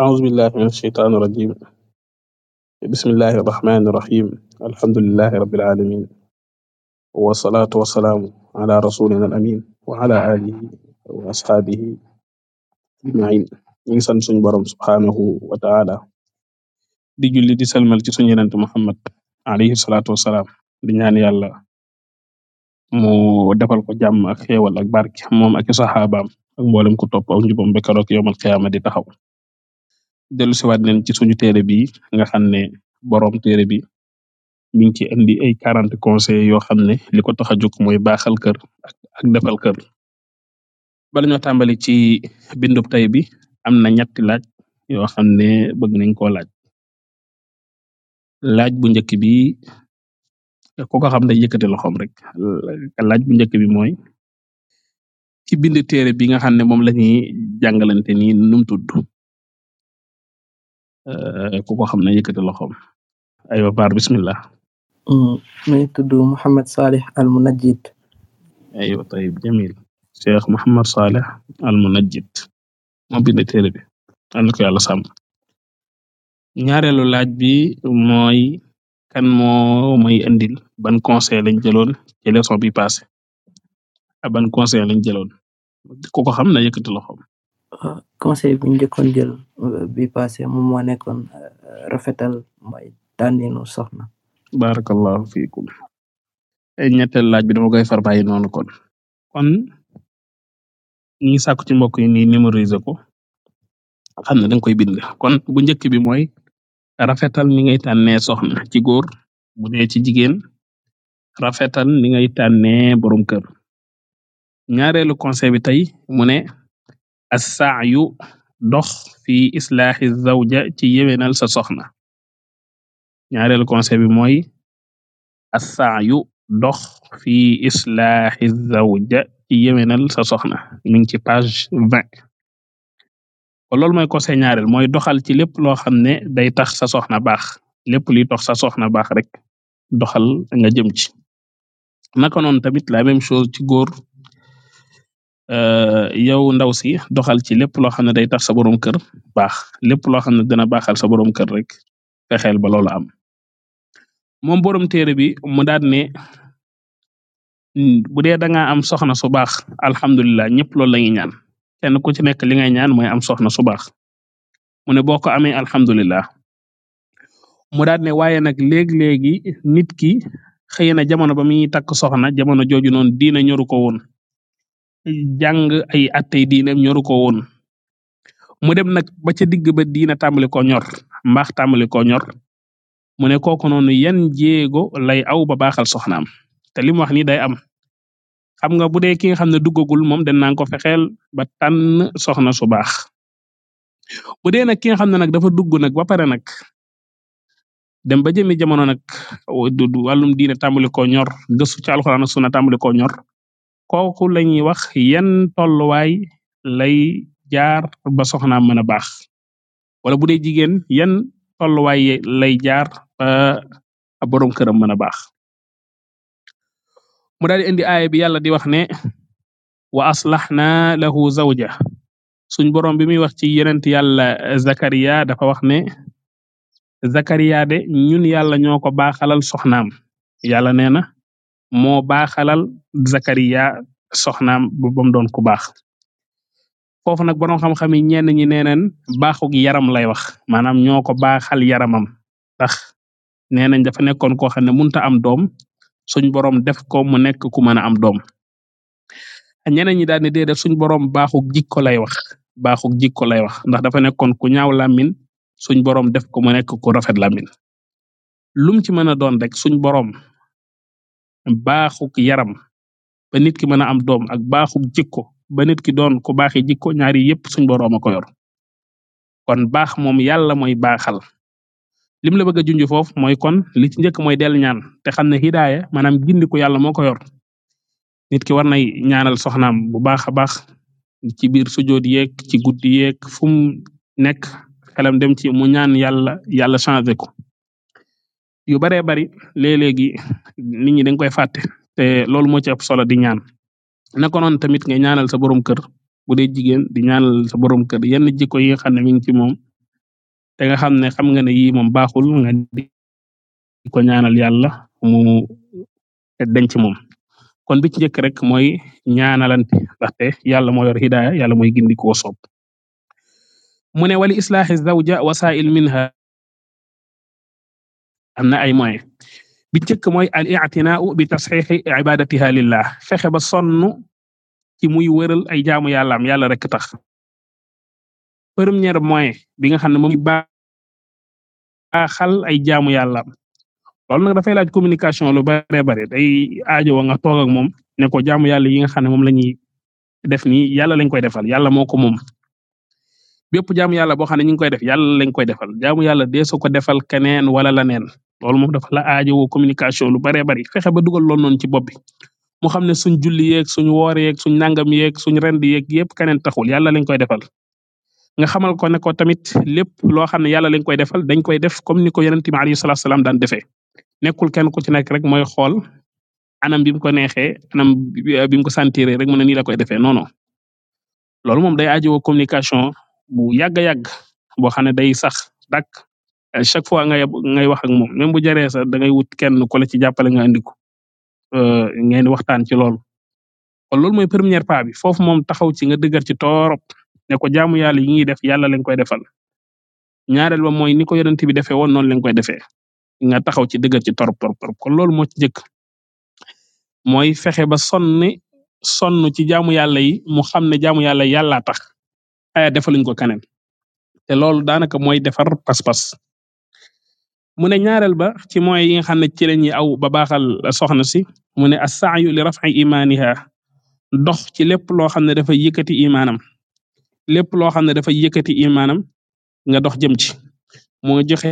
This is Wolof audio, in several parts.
Auzubillahi mina sheytaani rajiim, bismillahi rahmaani rahiim, alhamdulillahi rabbil aalamiin, wassalaatu wassalaamu alaa rasuulinaa al-amiin wa alaa wa ashaabihi ajmaiin. Ñu ngi sant suñu Boroom subhaanahu wa ta'aala, di julli di salmal ci suñ yonent Muhammad alayhi salaatu wassalaam, di ñaan Yàlla mu defal ko jàmm ak xéewal ak barke moom ak i saxaabaam ak mboolem ku topp aw njubam ba keroog yawmal qiyaama di taxaw. dellu siwaat neen ci suñu téere bi nga xam ne boroom téere bi miñ ci indi ay quarante conseil yoo xam ne li ko taxa jug mooy baaxal kër ak defal kër bala ñoo tàmbali ci bindub tay bi am na ñatti laaj yoo xam ne bëgg nañ ko laaj laaj bu njëkk bi ko ko xam day yëkkati loxoom rek laaj bu njëkk bi mooy ki bind téere bi nga xam ne moom lañuy jàngalante ni num tudd Euh, koko xam na yëkkati loxoom aywa Paar bismillah. Mm, mi ngi tudd Muhammad Saleh Al Munajjid. aywa tayib jamil Cheikh Muhammad Saleh Al Munajjid moo bind bi ànd ko yàlla sàmm. ñaareelu laaj bi mooy kan moo may andil ban conseil lañ jëloon ci leçon bi passé ak ban conseil lañ jëloon ku xam na yëkkati loxoom. Konseh euh, euh, bi njëkon jël bi paase mom mo rafetal mooy tànninu soxna. Barakallahu fiikum ñetteel laaj bi dama koy far bàyyi noonu kon kon ñi ngi sàkku ci mbokk yi ni numériser ko xam ne koy bind kon bu njëkk bi mooy rafetal ni ngay tànnee soxna ci góor bu dee ci jigéen rafetal ni ngay tànnee borom kër ñaareelu conseil bi as-sa'yu dox fi islaaxi zawja ci yewenal sa soxna ñaareelu conseil bi mooy as-sa'yu dox fi islaaxi zawja ci yewenal sa soxna mi ngi ci page vingt kon loolu mooy conseil ñaareel mooy doxal ci lépp loo xam ne day tax sa soxna baax lépp luy tax sa soxna baax rek doxal nga jëm ci naka noonu tamit la même chose ci góor. %e yow ndaw si doxal ci lépp loo xam ne day tax sa borom kër baax lépp loo xam ne dina baaxal sa borom kër rek fexeel ba loolu am moom borom téere bi mu daat ne bu dee da nga am soxna su baax alhamdulilah ñëpp loolu la ñuy ñaan kenn ku ci nekk li ngay ñaan mooy am soxna su baax mu ne boo ko amee alhamdulilah mu daat ne waaye nag léegi-léegi nit ki xëy jamono ba muy takk soxna jamono jooju noonu diina ñoru ko woon jàng ay attey diineem ñoru ko woon mu dem nag ba ca digg ba diina tàmbali ko ñor mbaax tàmbali ko ñor mu ne kooku noonu yan jéego lay aw ba baaxal am te li mu wax ni day am xam nga bu dee ki nga xam ne duggagul moom danaan ko fexeel ba tànn soxna su baax bu dee nag ki nga xam ne nag dafa dugg nag ba pare nag dem ba jëmi jamono nag du wàllum diine tàmbali ko ñor gëstu ci alxuraan ak sunna tàmbali ko ñor kooku lañuy wax yan tolluwaay lay jaar ba soxnaam mën a baax wala bu dee jigéen yan tolluwaay lay jaar ba boroom këram mën a baax mu daal indi aaya bi yàlla di wax ne wa aslaxna lahu zawja suñ boroom bi muy wax ci yonent yàlla Zakariya dafa wax ne Zakariya de ñun yàlla ñoo ko baaxalal soxnaam yàlla nee na moo baaxalal Zakariya soxnaam bu bam doon ku baax foofu nag borom xam-xam yi ñenn ñi nee neen baaxug yaram lay wax maanaam ñoo ko baaxal yaramam ndax nee nañ dafa nekkoon koo xam ne munta am doom suñ borom def ko mu nekk ku mën a am doom ñeneen ñi daal ne déedéet suñ borom baaxug jikko lay wax baaxug jikko lay wax ndax dafa nekkoon ku ñaaw làmmin suñ borom def ko mu nekk ku rafet làmmin lum ci mën a doon rek suñ borom baaxug yaram ba nit ki mën a am doom ak baaxug jikko ba nit ki doon ku baaxi jikko ñaari yépp suñ borooma ko yor kon baax moom yàlla mooy baaxal lim la bëgg a junj foofu mooy kon li ci njëkk mooy dellu ñaan te xam ne hidaaya maanaam gindiku yàlla moo ko yor nit ki war nay ñaanal soxnaam bu baax a baax ci biir sujood yeeg ci guddi yeeg fu mu nekk xelam dem ci mu ñaan yàlla yàlla changé ko yu baree bari léeg-léegi nit ñi dañ koy fàtte te loolu moo ci ëpp solo di ñaan naka noonu tamit nga ñaanal sa borom kër bu dee jigéen di ñaanal sa borom kër yenn jikko yi nga xam ne mi ngi ci moom te nga xam ne xam nga ne yii moom baaxul nga di ko ñaanal yàlla mu denc ci moom kon bi ci njëkk rek mooy ñaanalante ndaxte yàlla moo yor hidaaya yàlla mooy gindi koo soob mu ne wali islaahi zawja wasaa'il minha am na ay moyen bi njëkk mooy al i'tinaa'u bi tasxiixi ibadatiha lillah fexe ba sonn ci muy wëral ay jaamu yàlla am yàlla rek tax premier moyen bi nga xam ne moom baaxal ay jaamu yàlla am loolu nag dafay laaj communication lu bare bare day aajo nga toog ak moom ne ko jaamu yàlla yi nga xam ne moom la ñuy def nii yàlla lañ koy defal yàlla moo ko moom bépp jaamu yàlla boo xam ne ñu ngi def yàlla lañ koy defal jamu yàlla dee su ko defal keneen wala leneen loolu moom dafa la aajowoo communication lu baree bari fexe ba dugal loolu noonu ci bopp mu xam ne suñ julli yeeg suñ woor ek suñ nangam yeeg suñ rend yeeg yëpp keneen taxul yàlla lañ koy defal. nga xamal ko ne ko tamit lépp loo xam ne yàlla lañ koy defal dañ koy def comme ni ko yonent bi alayhi salaatu salaam daan defee nekkul kenn ku ci nekk rek mooy xool anam bi mu ko neexee anam bi mu ko sentiree rek mu ne nii la koy defee non non communication bu yàgg a yàgg boo day sax dàkk. Euh, chaque fois ngay ngay wax ak moom même bu jaree sax da ngay wut kenn ku la ci jàppale nga andi ko euh, ngeen waxtaan ci loolu. kon loolu mooy première pas bi foofu moom taxaw ci nga dëgër ci toorop ne ko jaamu yàlla yi ñuy def yàlla lañ koy defal ñaareel ba mooy ni ko yonent bi defee woon noonu lañ koy defee nga taxaw ci dëgër ci torop torop ko kon loolu moo ci jëkk mooy fexe ba sonni sonn ci jaamu yàlla mu xam ne jaamu yàlla yàllaa tax aya defaluñ ko keneen te loolu daanaka mooy defar pas mu ne ñaareel ba ci moyens yi nga xam ne ci la ñuy aw ba baaxal soxna si mu ne as-sa'yu li raf'i imaaniha dox ci lépp loo xam ne dafay yëkkati imaanam lépp loo xam ne dafay yëkkati imaanam nga dox jëm ci moo joxe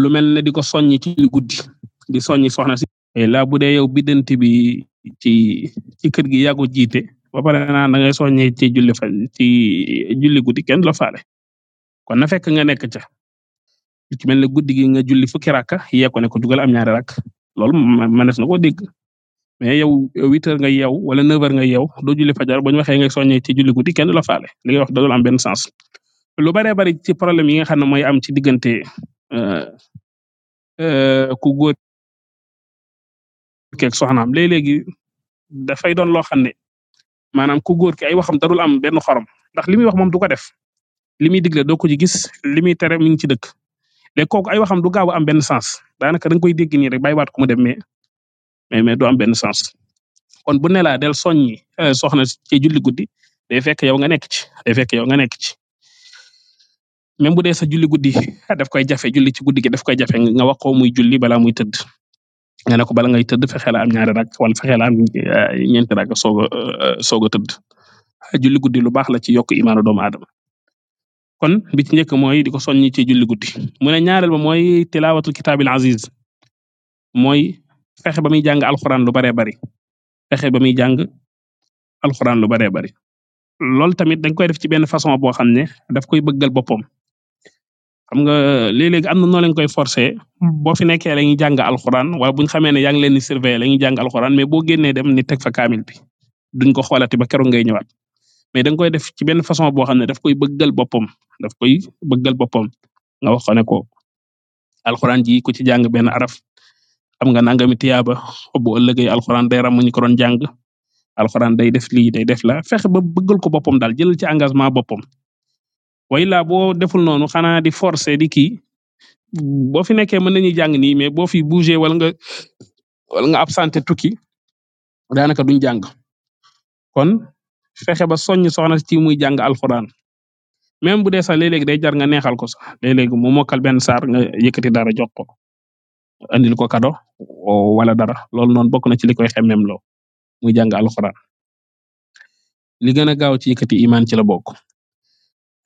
lu mel ne di ko soññi ci guddi di soññi soxna si laa bu dee yow biddanti bi ci ci kër gi yàggu jiite ba pare naan da ngay soññee ci julli fa ci julli guddi kenn la faale kon na fekk nga nekk ca lu ci mel ne guddi gi nga julli fukki rakka yee ko ne ko jugal am ñaari rakk loolu manees na ko dégg mais yow huit nga yeew wala neuf heures nga yeew doo julli fajar boo ñu waxee nga soññee ci julli guddi kenn du la faale li wax da dul am benn sens. lu baree bari ci problème yi nga xam ne mooy am ci diggante euh, euh, ku góor keeg soxnaam léeg-léegi dafay doon loo xam ne maanaam ku góor ki ay waxam darul am benn xorom ndax li muy wax moom du ko def li muy digle doo ko ci gis li muy tere mi ngi ci dëkk. léegi kooku ay xam du gaaw a am benn sens daanaka da nga koy dégg nii rek bàyyiwaat ko mu mais mais du am benn sens. kon bu ne laa del soññi eh, soxna ci julli guddi day fekk yow nga nekk ci day fekk yow nga nekk ci même bu dee sa julli guddi daf koy jafe julli ci guddi gi daf koy jafe nga wax ko muy julli balaa muy tëdd. nga ne ko bala ngay tëdd fexe la am ñaari rak wala fexe la eh, ñeenti rak soog a eh, soog a tëdd juli guddi lu baax la ci yokk imaanu doomu aadama kon bi ci njëkk mooy di ko soññi ci julli guddi mu ne ñaareel ba mooy tilaawatul kitaabil aziz mooy fexe ba muy jàng alxuraan lu baree bari fexe ba muy jàng alxuraan lu baree bari. loolu tamit dañ koy def ci benn façon boo xam ne daf koy bëggal boppam xam nga léeg-léeg am na noo leen koy forcer boo fi nekkee la ñuy wala bu ñu xamee ne yaa ngi leen di surveiller la ñuy jàng alxuraan mais boo génnee dem ni teg fa kaamil bi duñ ko xoolati ba keroog ngay ñëwaat. mais da koy def ci benn façon boo xam ne daf koy bëggal boppam daf koy bëggal boppam nga wax ko ko alxuraan ji ko ci jàng benn araf am nga nangami tiyaaba bu ëllëgee alxuraan day ram ñu ko doon jàng alxuraan day def lii day def la fexe ba bëggal ko boppam daal jëlal ci engagement boppam. way laa boo deful noonu xanaa di forcer di kii boo fi nekkee mën nañuy jàng nii mais boo fi bougé wala nga wala nga absenté tukki daanaka duñ jàng kon. fexe ba soññ soxna si muy jàng alxuraan même bu dee sax léeg-léeg day jar nga neexal ko sax léeg mu mokkal benn saar nga yëkkati dara jox ko andil ko kado wala dara loolu noonu bokk na ci li koy xemmem loo muy jàng alxuraan li gën a gaaw ci yëkkati imaan ci la bokk.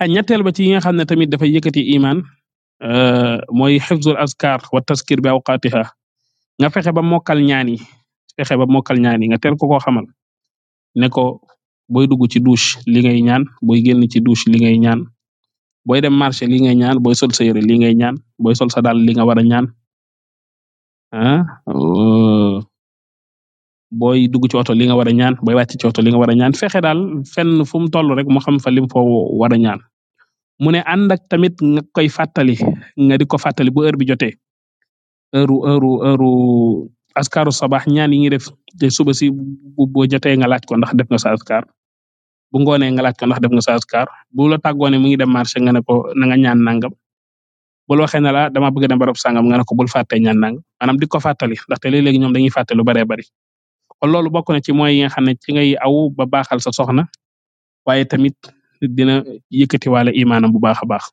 a ñetteel ba yi nga xam ne tamit dafay yëkkati imaan euh, mooy xifzul askar wa taskir bi awqaatiha nga fexe ba mokkal ñaan yi fexe ba mokkal ñaan yi nga teel ko koo xamal ne booy dugg ci douche li ngay ñaan booy génn ci douche li ngay ñaan booy dem marché li ngay ñaan booy sol sa yére li ngay ñaan booy sol sa dàll li nga war a ñaan ah, uh, booy dugg ci oto li nga war a ñaan booy wàcc ci oto li nga war a ñaan fexe daal fen fu mu toll rek mu xam fa lim foo war a ñaan mu ne ànd ak tamit nga koy fàttali nga di ko fàttali bu heure bi jotee heure askaru sabax ñaan yi ñuy def. te suba si bu boo jotee nga laaj ko ndax def nga sa askar bu ngoonee nga laaj ko ndax def nga sa askar bu la tàggoone mu ngi dem marché nga ne ko na nga ñaan nangam bul waxee ne la dama bëgg dem barab sangam nga ne ko bul fàtte ñaan nangam maanaam di ko fàttali ndaxte léeg-léegi ñoom dañuy fàtte lu baree bari kon loolu bokk na ci mooy yi nga xam ne ci ngay aw ba baaxal sa soxna waaye tamit dina yëkkatiwaale imaanam bu baax a baax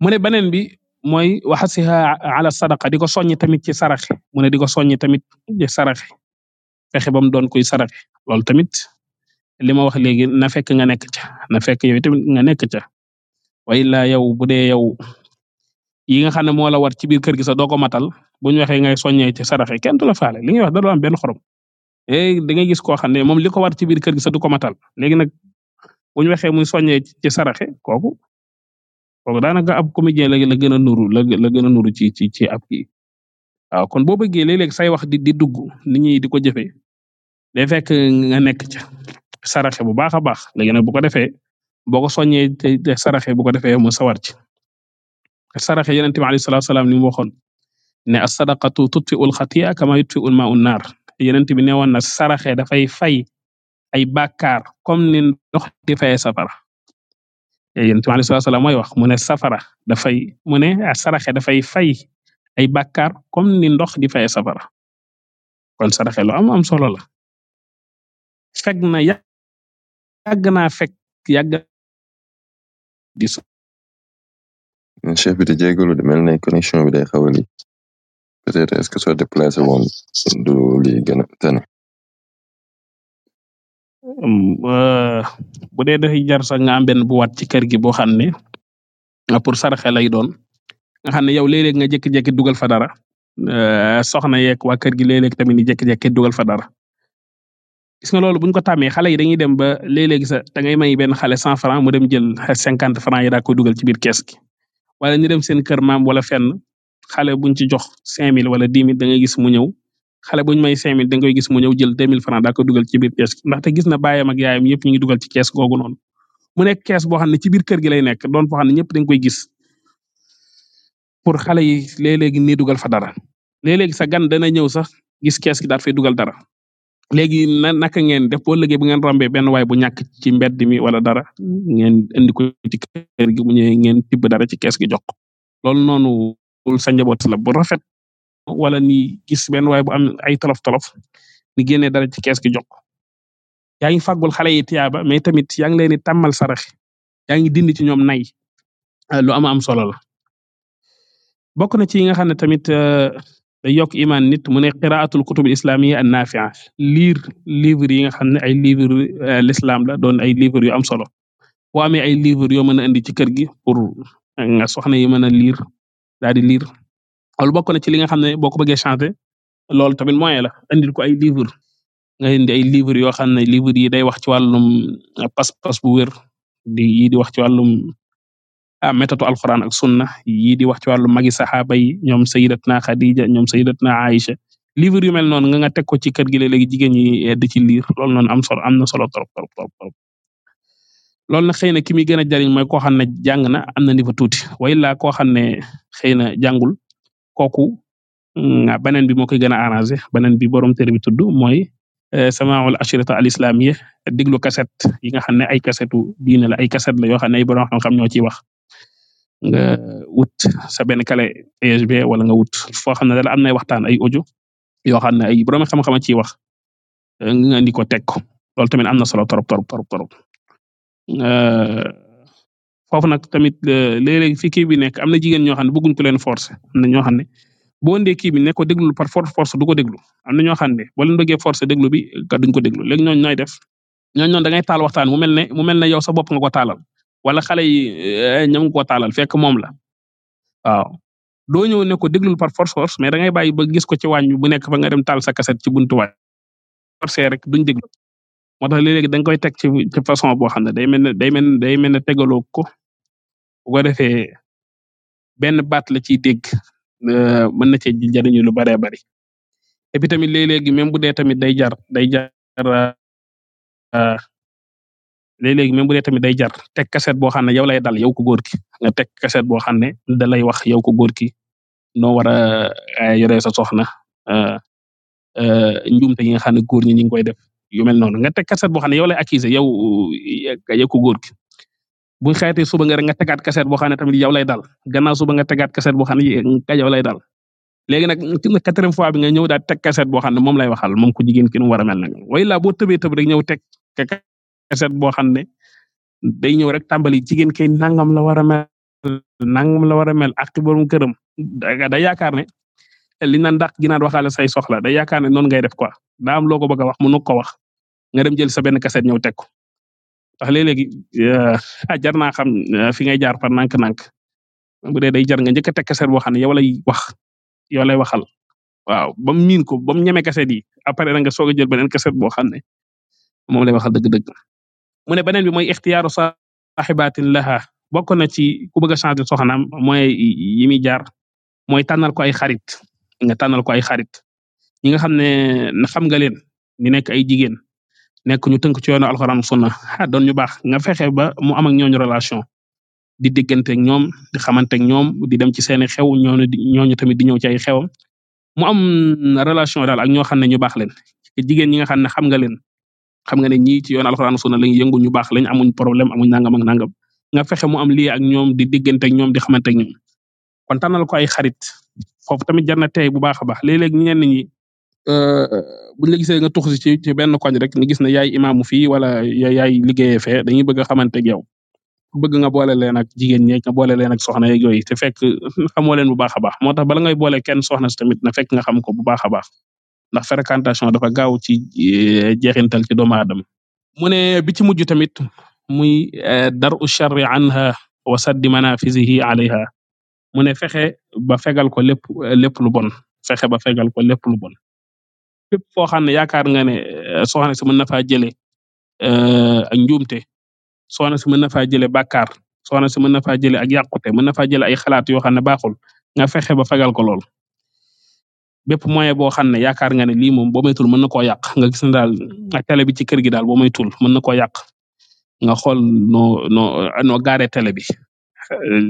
mu ne bi mooy waxasiha ala sadaqa di ko soññi tamit ci saraxe mu ne di ko soññi tamit ci saraxe fexe ba mu doon kuy saraxe loolu tamit li ma wax léegi na fekk nga nekk ca na fekk yow tamit nga nekk ca wa illaa yow bu dee yow yi nga xam ne moo la war ci biir kër gi sax doo ko matal bu ñu waxee ngay soññee ci saraxe la faale li ngay wax da am benn xorom da ngay gis koo xam ne moom li ko war ci biir kër gi sax ko matal léegi nag bu ñu waxee muy soññee ci saraxe kooku kooku daanaka ab comédien la la gën a nuru la la gën a nuru ci ci ci ab kii waaw kon boo bëggee léeg say wax di di dugg nit ñi di ko jëfee day fekk nga nekk ca saraxe bu baax a baax léegi nag bu ko defee boo ko soññee te saraxe bu ko defee mu sawar ci saraxe yonent bi alayhi salaam ni mu waxoon ne as-sadaqatu tutfi'u al-khati'a kama yutfi'u al-ma'u an-nar yonent bi ne woon na saraxe dafay fay ay bàkkaar comme ni ndox di fayee Eh, yonent bi alei salatu salaam mooy wax mu safara dafay mune ne saraxe dafay fay ay bàkkaar comme ni ndox di faye safara kon saraxe lu am am solo la fekk na yàgg naa fekk yàgg di so chef bi di jégalu de mel ne connexion bi day xawali peut que soo déplacé du lii gën Mm, euh, bu dee dafay jar sax nga am benn boîte ci kër gi boo xam ne ah, pur saraxe lay doon nga xam ne yow léeg-léeg nga jékki dugal fa dara euh, soxna yeeg waa kër gi léeg-léeg tamit ni jékki-jékki dugal fa dara. gis nga loolu bu ñu ko tàmmee xale yi dañuy dem ba léeg-léeg sax da ngay may benn xale cent franc mu dem jël cinquante franc yi daa koy dugal ci biir kees gi wala ñu dem seen kër maam wala fenn xale buñ ci jox cinq mille wala dix mille da ngay gis mu ñëw. xale buñ may cinq mille da nga koy gis mu ñëw jël deux mille francs daa dugal ci biir kees ndaxte gis na baayam ak yaayam yëpp ñu ngi dugal ci kees googu noonu mu nekk kees boo xam ne ci biir kër gi lay nekk doon foo xam ne ñëpp dañ koy gis pour xale yi léeg-léegi nii dugal fa dara léeg-léegi gan dana ñëw sax gis kees gi daal fay dugal dara léegi na naka ngeen def boo liggéey bu ngeen rombee benn waay bu ñàkk ci mbedd mi wala dara ngeen indi ko ci kër gi mu ñëwee ngeen tibb dara ci kees gi jox ko loolu noonu sa njaboot la bu rafet wala ni gis benn waay bu am ay tolof tolof ni génnee dara ci kees gi jox ko yaa ngi fàggul xale yi mais tamit yaa ngi leen di tàmmal sarax yaa ngi dindi ci ñoom nay ah, lu am am solo la bokk na ci yi nga xam ne tamit euh, day yokk imaan nit mu ne qiraatul kutub islamiyya an nafia liir livre yi nga xam ne ay livre euh, l'islam la doon ay livre yu am solo boo amee ay livre yoo mën a indi ci kër gi pour euh, nga soxna yi mën a liir daal di liir loolu bokk na ci li nga xam ne boo ko bëggee changer loolu tamit moyen la indil ko ay livres nga indi ay livres yoo xam ne livres yi day wax ci wàllum ah, pas-pas bu wér di yi di wax ci wàllum ah méthode alquran ak sunna yii di wax ci wàllum magi saxaaba yi ñoom sayidatna Khadija ñoom sayidatna Aïcha livres yu mel noonu nga nga teg ko ci kër gi léegi jigéen ñi di ci lir loolu noonu am solo am na solo trop trop trop trop. loolu na xëy na ki muy gën a jariñ mooy koo xam ne jàng na am na niveau tuuti way laa koo xam ne xëy na jàngul. kooku mm, beneen bi moo koy gën a arrangé beneen bi borom téere bi tudd mooy eh, samaul ashirata al islamiyya déglu kaset yi nga xam ne ay kasetu diine la ay kaset la yoo xam ne ay borom xam-xam ñoo ciy wax wut sa benn kale USB wala nga wut foo xam ne daal am na waxtaan ay audio yoo xam ne ay borom xam-xam ciy wax eh, nga indi ko teg ko loolu tamit am na solo torop torop torop torop. Eh, foofu nag tamit euh, léeg-léeg fi kii bi nekk am na jigéen ñoo xam ne bëgguñ ku leen forcer am ñoo xam ne boo ndee kii bi ne ko déglu par force force du ko déglu am na ñoo xam ne boo leen bëggee forcer déglu bi ko déglu léegi ñooñu ñooy def ñooñu noonu da ngay taal waxtaan mu mel ne mu mel ne yow sa bopp nga ko taalal wala xale yi eh, ñam nga ko taalal fekk moom la waaw doo ñëw ne par force force mais da ngay bàyyi ba gis ko ci wàññi bu nekk fa nga dem taal sa kaset ci buntu waay forcer rek duñ déglu moo tax léeg-léeg da koy teg ci ci façon boo xam ne day mel ne day mel ne day mel ne tegaloo ko bu ko defee benn baat la ciy dégg uh, mën na cee jariñu lu baree bari et puis tamit léeg-léegi même bu dee tamit day jar day jar uh, léeg-léegi même tamit day jar tek kaset boo xam ne yow lay dal yow ko góor ki nga teg kaset boo xam ne da lay wax yow ko góor ki noo war a euh, yoree sa soxna euh, euh, njuumte yi nga xam ne góor ñi ñu ngi koy def yu mel noonu nga teg kaset boo xam ne yow lay accuser yow yow ko góor ki bu xeeti suba nga rek nga tegaat kaset boo xam ne tamit yow lay dal gannaaw suba nga tegaat kaset boo xam ne ka yow lay dal fois bi nga ñëw daal teg kaset boo xam ne moom lay waxal moom ku jigéen ki nu war a mel nag way laa boo tëbee tëb rek ñëw teg kaset boo xam ne day ñëw rek tàmbali jigéen kay nangam la war a mel nangam la war a mel ak borom këram day yaakaar ne li naan dàq ginaar waxaale say soxla day yaakaar ne noonu ngay def quoi daa am loo ko bëgg a wax mënu ko wax nga dem jël sa benn kaset ñëw teg ko ndax léeg-léegi eh, ah jar naa xam eh, fi ngay jaar par nànk-nànk bu dee day jar nga njëkk a teg kaset boo xam ne yow lay wax yow lay waxal waaw ba mu miin ko bam mu ñeme kaset yi après da nga soog a jël beneen kaset boo xam ne moom lay waxal dëgg-dëgg mu ne beneen bi mooy ixtiyaaru saaxibaatin laha bokk na ci ku bëgg a changer soxnaam mooy yi muy jaar mooy tànnal ko ay xarit nga tànnal ko ay xarit ñi nga xam ne xam nga leen ñu nekk ay jigéen nekk ñu tënk ci yoonu a sunna ah doon ñu baax nga fexe ba mu am ak ñooñu relation di digganteeg ñoom di xamanteeg ñoom di dem ci seeni xew ñooñu di ñooñu tamit di ñëw ci ay xewam mu am relation daal ak ñoo xam ne ñu baax leen jigéen ñi nga xam ne xam nga leen xam na ne ñii ci yoonu alxuraan sunna lañu yëngu ñu baax lañ amuñ problème amuñ nangam ak nangam nga fexe mu am lii ak ñoom di digganteeg ñoom di xamante ñoom kon tànnal ko ay xarit foofu tamit jar na tey bu baax a baax léeg-léeg Euh, buñ la gisee nga tuxu ci ci benn koñ rek ni gis ne yaay imaamu fii wala yaay liggéeyee fee dañuy bëgg a xamante ak yow bëgg nga boole leen ak jigéen ñi nga boole leen ak soxna yeeg yooyu te fekk xamoo leen bu baax a baax moo tax bala ngay boole kenn soxna si tamit na fekk nga xam ko bu baax a baax ndax fréquentation dafa gaaw ci eh, jeexintal ci doomu aadama mu ne bi ci mujj tamit muy eh, daru sharri anha wa saddi manafizihi alayha mu ne fexe ba fegal ko lépp eh, lépp lu bon fexe ba fegal ko lépp lu bon fépp foo xam ne yaakaar nga ne eh, soxna si mën na faa jëlee eh, ak njuumte soxna si mën na faa jëlee bàkkaar soxna si mën na faa jëlee ak yàqute mën na faa jëlee ay xalaat yoo xam ne baaxul nga fexe ba fegal ko lool bépp moyen boo xam ne yaakaar nga ne lii moom boo moytul mën na koo yàq nga gis ne daal ak télé bi ci kër gi daal boo moytul mën na koo yàq nga xool noo no noo gaaree télé bi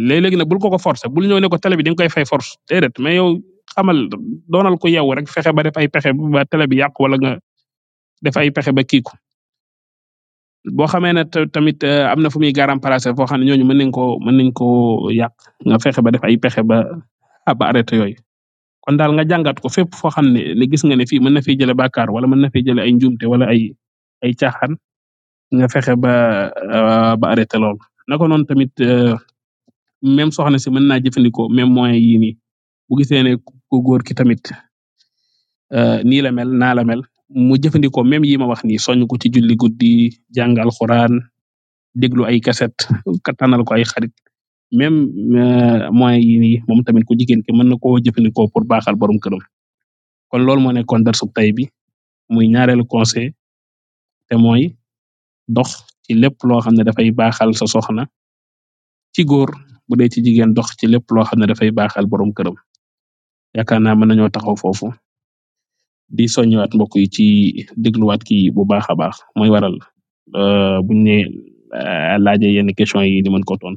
léeg-léeg bul ko ko bul ñëw ne ko télé koy force déedéet mais yow amal doonal ko yow rek fexe ba def ay pexe ba télé bi yàqu wala nga def ay pexe ba kiiku boo xamee ne tamit eh, am na fu muy garam placé foo xam ne ñooñu mën nañ ko mën nañ ko yàq nga fexe ba def ay pexe ba ah, ba arrêté yooyu kon daal nga jàngat ko fépp foo xam ne ne nga ne fii mën na fi jële bàkkaar wala mën na fi jële ay njuumte wala ay ay nga fexe ba eh, ba arrêté lool naka noonu tamit eh, même soxna si mën naa jëfandikoo même moyen yii nii bu gisee ne ku góor ki tamit euh, nii la mel naa mu jëfandikoo même yi ma wax nii soñ ko ci julli guddi jàng alxuraan déglu ay kaset kattanal ko ay xarit même euh, moyens yi moom tamit ku jigéen ki mën na koo jëfandikoo pour baaxal borom këram kon loolu moo nekkoon darsub tay bi muy ñaareelu conseil te mooy dox ci lépp loo xam ne dafay baaxal sa soxna ci góor bu dee ci jigéen dox ci lépp loo xam ne dafay baaxal borom këram. yaakaar naa mën nañoo taxaw foofu di soññiwaat mbokk yi ci dégluwaat kii bu baax a baax mooy waral euh buñ ne euh, laaje yenn questions yi di mën ko tontu.